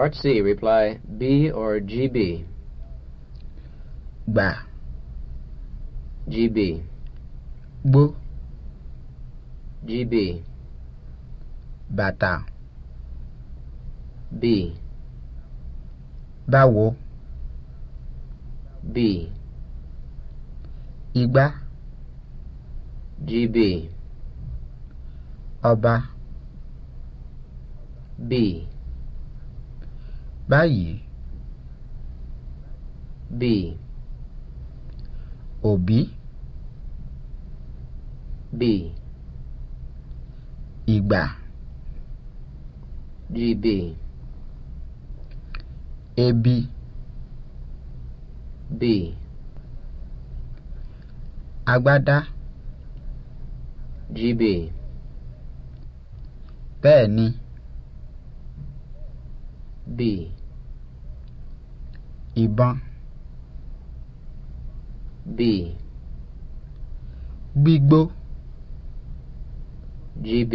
Part C, reply B or GB? Ba. GB. Bu. GB. Bata. B. Báwo. B. Igba. GB. Ọba. B. báyìí. b òbí. b ìgbà. gb ebi. b agbádá. gb bẹ́ẹ̀ ni. b ìbọn. b. gbígbó. gb.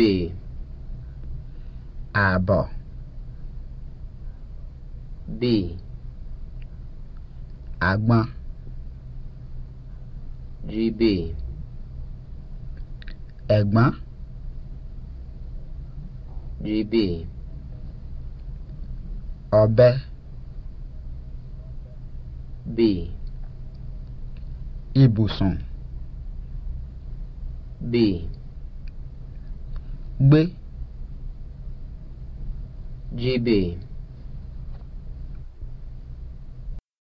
ààbọ̀. b. àgbọn. gb. ẹ̀gbọ́n. gb. ọ̀bẹ b. ibùsùn. b. gbé. gb.